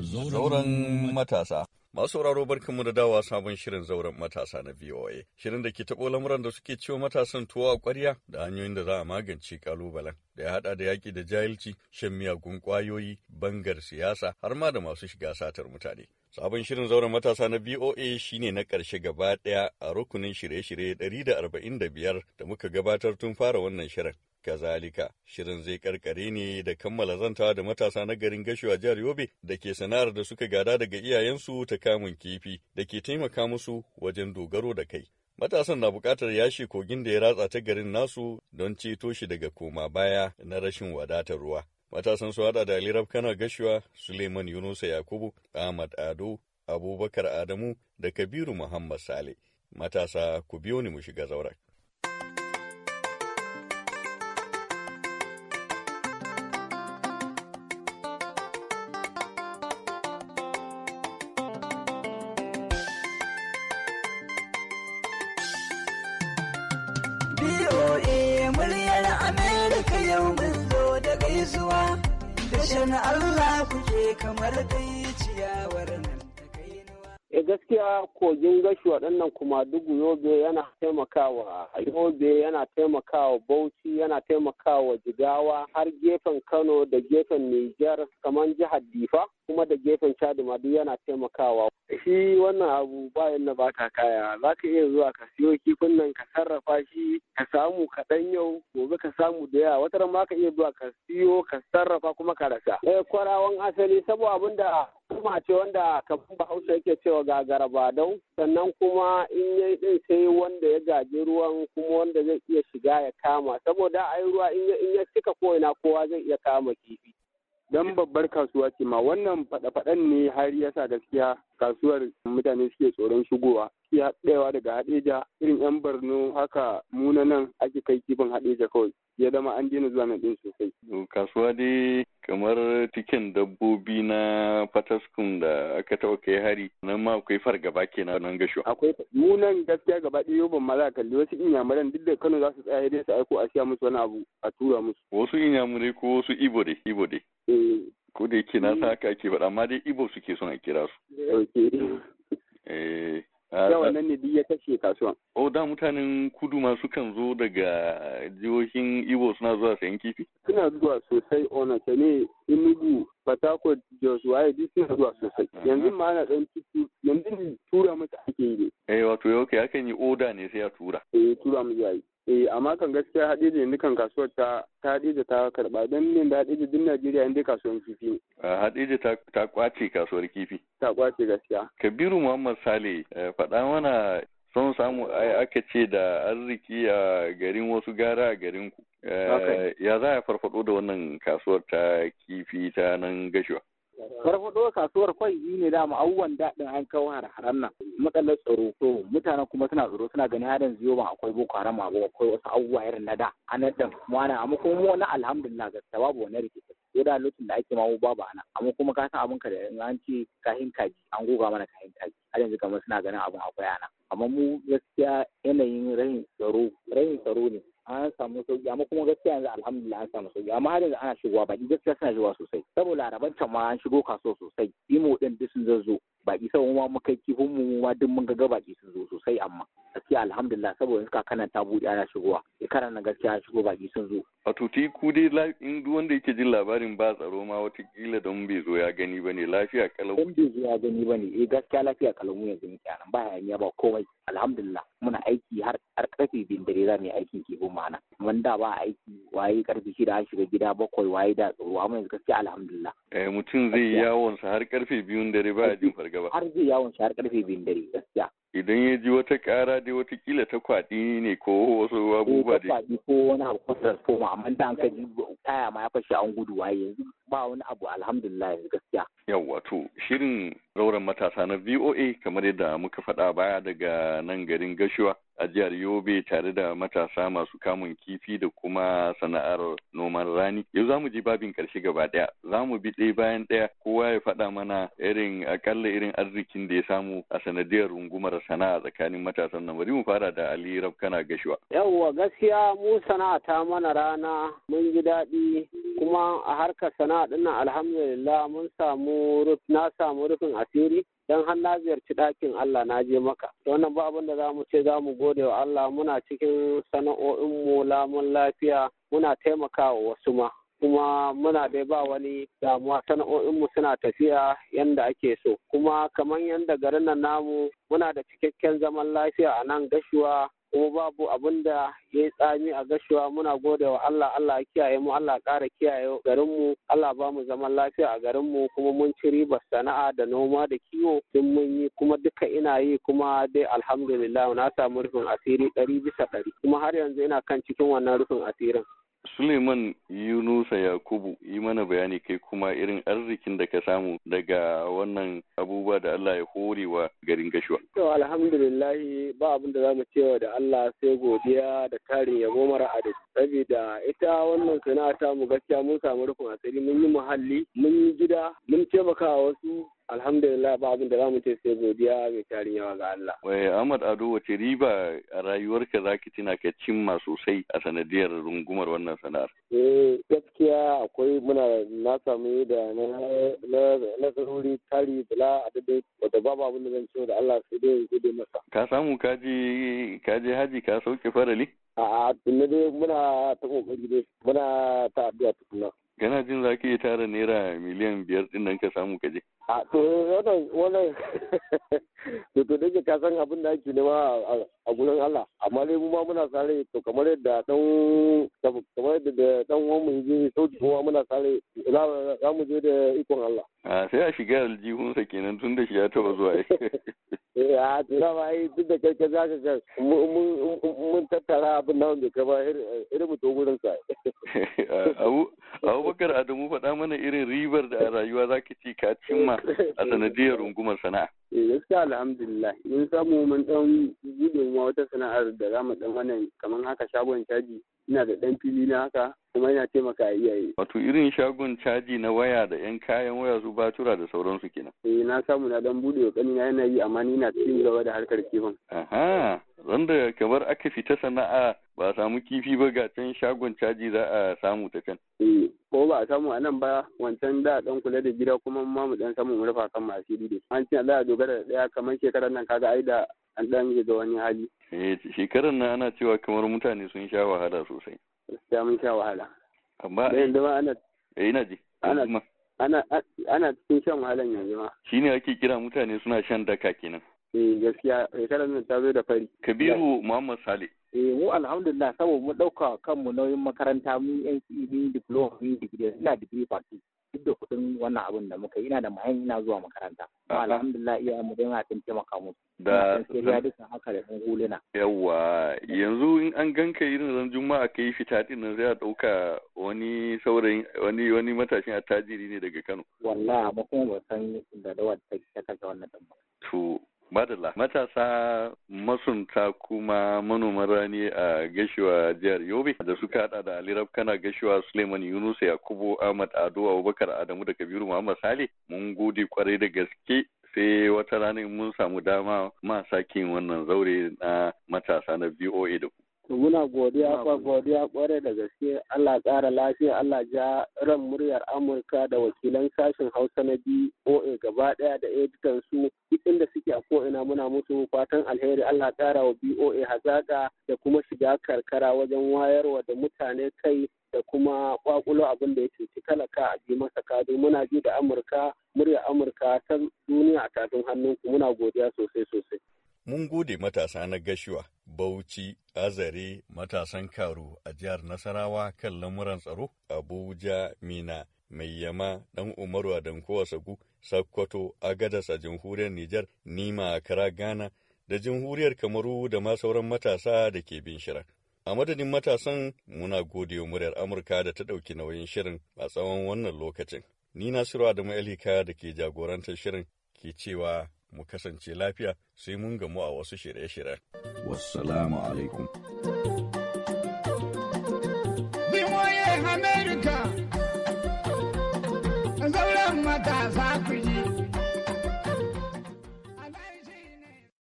Zauren matasa. Masu sauraro barkanmu da dawa sabon shirin zauren matasa na VOA. Shirin da ke taɓo lamuran da suke ciwo matasan tuwo a ƙwarya da hanyoyin da za a magance kalubalen Da ya haɗa da yaki da jahilci, shan miyagun ƙwayoyi, bangar siyasa, har ma da masu shiga satar mutane. Sabon shirin zauren matasa na VOA shine na ƙarshe gaba ɗaya a rukunin shirye-shirye 145 da muka gabatar tun fara wannan shirin. Kazalika, shirin zai karkare ne da kammala zantawa da matasa na garin a jihar Yobe da ke sana'ar da suka gada daga iyayensu ta kamun kifi da ke taimaka musu wajen dogaro da kai. Matasan na buƙatar yashe kogin da ya ratsa ta garin nasu don ceto shi daga koma baya na rashin wadatar ruwa. Matasan su hada da Alirab Kana Gashuwa, Suleiman Yunusa Yakubu, Ahmad Ado, Abubakar Adamu da Kabiru Muhammad Sale. Matasa ku biyo ne mu shiga zauren. Amerika yau mun zo da gaisuwa, da shan Allah kuke kamar dai ciyawar gaskiya kogin gashi waɗannan kuma dugu yobe yana taimakawa yobe yana taimakawa bauchi yana taimakawa jigawa har gefen kano da gefen niger kamar jihar difa kuma da gefen chad ma duk yana taimakawa shi wannan abu bayan na ba ta kaya za ka iya zuwa ka siyo kifin nan ka sarrafa shi ka samu kaɗan yau gobe ka samu da yawa wata ma ka iya zuwa ka siyo ka sarrafa kuma ka rasa eh, kwarawan asali saboda abin da kuma ce wanda kafin hausa yake cewa gagara ba dau sannan kuma in ya yi ɗin sai wanda ya gaji ruwan kuma wanda zai iya shiga ya kama saboda a yi ruwa in ya cika ko'ina kowa zai iya kama kifi. dan babbar kasuwa ce ma wannan faɗa-faɗan ne har yasa gaskiya kasuwar mutane suke tsoron shigowa ya ɗayawa daga haɗeja irin yan barno haka muna nan ake kai kifin haɗeja kawai ya zama an daina zuwa nan ɗin sosai. Kasuwa dai kamar cikin dabbobi na fataskun da aka taɓa kai hari nan ma akwai fargaba kenan nan gasho. Akwai mu nan gaskiya gaba ɗaya yau ban ma za kalli wasu inyamuran duk da Kano za su tsaya dai su aiko a siya musu wani abu a tura musu. Wasu inyamurai ko wasu ibo dai ibo dai. Eh. Ko da yake na sa mm. haka ake faɗa amma dai ibo suke son a kira su. Eh. yawan ah, ne duk ya kashe kasuwan. O oh, da mutanen kudu ma sukan zo daga jihohin Igbo suna zuwa sayan kifi? Suna zuwa sosai ona ne Enugu, Port Jos, waye duk suna zuwa sosai. Yanzu ma ana ɗan tutu, yanzu tura musu ake yi. Eh wato eh, yau ke akan yi oda ne sai a tura. Eh tura musu yayi. eh amma kan ya Hadeja yanzu kan kasuwar ta ta Hadeja ta karba don min da Hadeja din Najeriya inda kasuwar kifi ne. Eh, Hadeja ta ta kwace kasuwar kifi. Ta kwace gaskiya. Kabiru Muhammad Saleh eh, faɗa mana son samu ake ce da arziki a garin wasu gara a garin ku. Eh, ya za a farfado da wannan kasuwar ta kifi ta nan gashuwa farfado kasuwar kwai yi ne dama abubuwan daɗin an kawo har-haren nan matsalar tsaro so mutanen kuma suna tsoro suna ganin harin ziyo ba akwai boko haram ba akwai wasu abubuwa irin na da nan dan kuma ana amma kuma mu wani alhamdulillah gaskiya babu wani rikici ko da lokacin da ake mawo babu ana amma kuma ka san abin ka da in an ce kahin kaji an goga mana kahin kaji har yanzu kamar suna ganin abin akwai ana amma mu gaskiya yanayin rahin tsaro rahin tsaro ne samu sauki amma kuma gaskiya yanzu alhamdulillah an samu sauki amma har yanzu ana shigowa baki gaskiya suna shigowa sosai saboda araban can ma an shigo kasuwa sosai imo din duk sun zazzo baki sabon ma muka yi kifin mu ma duk mun ga baki sun zo sosai amma gaskiya alhamdulillah saboda suka ta buɗe ana shigowa karan na gaskiya shigo baki sun zo. a tuti ku dai in duk wanda yake jin labarin ba tsaro ma watakila don bai zo ya gani ba ne lafiya kalau. Don bai zo ya gani ba ne eh gaskiya lafiya kalau mu yanzu muke nan ba hayaniya ba komai alhamdulillah muna aiki har har karfe biyun dare za mu yi aikin ke bin mana. Mun da ba aiki waye karfe shida an shiga gida bakwai waye da tsaro amma yanzu gaskiya alhamdulillah. Eh mutum zai yawon sa har karfe biyun dare ba jin fargaba. Har zai yawon sa har karfe biyun dare gaskiya. idan ya ji wata kara dai watakila ta kwaɗi ne ko wasu abubuwa dai. kwaɗi ko wani abu ko transformer amma da an kaji taya ma ya fashe an gudu waye yanzu ba wani abu alhamdulillah gaskiya. Yawwa to shirin zauren matasa na VOA kamar yadda muka faɗa baya daga nan garin Gashuwa a jihar Yobe tare da matasa masu kamun kifi da kuma sana'ar noman rani. Yau za mu ji babin karshe gaba ɗaya, za mu bi ɗaya bayan ɗaya kowa ya faɗa mana irin akalla irin arzikin da ya samu a sanadiyar rungumar sana'a tsakanin matasan nan. Bari mu fara da Ali Rabkana Gashuwa. Yawwa gaskiya mu sana'a ta mana rana mun ji daɗi kuma a harkar sana'a ɗin alhamdulillah mun samu na samu rufin asiri dan har na ziyarci ɗakin Allah na je maka to wannan ba abin da zamu ce zamu gode wa Allah muna cikin sana'o'in mu lamun lafiya muna taimakawa wasu ma kuma muna dai ba wani damuwa sana'o'inmu suna tafiya yanda ake so kuma kamar yanda garin nan namu muna da cikakken zaman lafiya a nan gashuwa kuma babu abin da ya yi tsami a gashuwa muna gode wa Allah Allah kiyaye mu Allah ƙara kiyaye mu. Allah ba mu zaman lafiya a garin mu kuma mun ci riba sana'a da noma da kiwo duk mun yi kuma duka ina yi kuma dai alhamdulillah na samu rufin asiri ɗari bisa ɗari kuma har yanzu ina kan cikin wannan rufin asirin. Suleiman Yunusa Yakubu yi mana bayani kai kuma irin arzikin da ka samu daga wannan abubuwa da Allah ya hore wa garin gashuwa. To alhamdulillah ba abin da zamu cewa da Allah sai godiya da tarin yabo mara adadi. Saboda ita wannan sana'a ta mu gaskiya mun samu rufin asiri mun yi muhalli mun yi gida mun taimaka wasu alhamdulillah ba abin da za mu ce sai godiya mai tarin yawa ga Allah. Wai Ahmad Ado wace riba a rayuwarka za ki tuna ka cimma sosai a sanadiyar rungumar wannan sana'ar? Eh gaskiya akwai muna na samu da na zaruri tari bala a daidai wata babu abin da zan ce da Allah sai dai gode masa. Ka samu kaji kaji haji ka sauke farali? A'a tunne dai muna ta kokari dai muna ta addu'a tukuna. Kana jin za ki iya tara naira miliyan biyar din nan ka samu kaje? a ah, to wannan wannan to to dai ka san abin da ake nema a gurin Allah amma dai mu ma muna sare to kamar yadda dan kamar yadda dan uwan mu yaje sauki kowa muna sare za mu je da ikon Allah a ah, sai a shiga aljihun sa kenan tun da shi ya taba zuwa eh a ah, to da bai duk da kai ka zaka ga mun mun tattara abin nan da ka ba irin mu to gurin sa Abubakar Adamu faɗa mana irin ribar da a rayuwa zaka ci ka cimma a sanadiyar rungumar sana'a eh, gaskiya alhamdulillah mun samu mun dan gudunwa wata sana'ar da za mu dan wannan kamar haka shagon caji ina da ɗan fili na haka kuma ina taimaka iyaye wato irin shagon caji na waya da yan kayan waya su batura da sauransu kenan eh na samu na dan bude kokari na yana yi amma ni na cikin gaba da harkar kifin aha wanda kamar aka fita sana'a ba a samu kifi ba ga can shagon caji za a samu ta can. Eh, ko ba a samu a nan ba wancan da dan kula da gida kuma ma mu dan samu mu rufa kan asiri da an ce za a dogara da daya kamar shekarar nan kaga ai da an dan da wani hali. eh shekarar nan ana cewa kamar mutane sun sha wahala sosai. gaskiya mun sha wahala. amma da yanzu ma ana. eh ina ji. ana ana ana cikin shan wahalan yanzu ma. shine ake kira mutane suna shan daka kenan. eh gaskiya shekarar nan ta zo da fari. kabiru muhammad saleh. eh mu alhamdulillah saboda mu ɗauka kanmu nauyin makaranta mun yan e, ni diploma ni digiri ina digiri party duk da kuɗin wannan abin da muka yi ina da mahayin ina zuwa makaranta amma alhamdulillah iya mu dai na tun taimaka musu da sai dukan haka da sun huluna yawa eh. yanzu in an ganka irin ran juma'a kai fita din nan zai a ɗauka wani saurayin wani wani matashin attajiri ne daga Kano wallahi mu kuma ba san da da matasa masunta kuma manoman rani a gashiwa jihar yobe da suka hada da ali rafkana gashiwa suleiman yunus yakubu ahmad ado abubakar adamu da kabiru muhammad sale mun gode kwarai da gaske sai wata rana mun samu dama ma sakin wannan zaure na matasa na voa da ku To muna godiya kwa godiya kware da gaske Allah ƙara lafiya Allah ja ran muryar Amurka da wakilan sashen Hausa na BOA gaba ɗaya da editan su cikin da suke a ko ina muna musu fatan alheri Allah ƙara wa BOA hazaka da kuma shiga karkara wajen wayarwa da mutane kai da kuma kwakulo abin da ya cuci talaka a ji masa kado muna ji da Amurka muryar Amurka ta duniya a tafin hannunku muna godiya sosai sosai. Mun gode matasa na gashuwa, Bauchi, Azare, matasan Karu, a jihar Nasarawa kan lamuran tsaro, Abuja, Mina, mai yama dan umaru a sagu sakkwato agadas a jamhuriyar nijar nima a kara ghana da jamhuriyar kamaru da ma sauran matasa da ke bin shirin a madadin matasan muna gode wa muryar amurka da ta ɗauki nauyin shirin a tsawon wannan lokacin ni nasiru adamu elika da ke jagorantar shirin ke cewa mu kasance lafiya sai mun gamu a wasu shirye-shiryen. Wassalamu alaikum. America.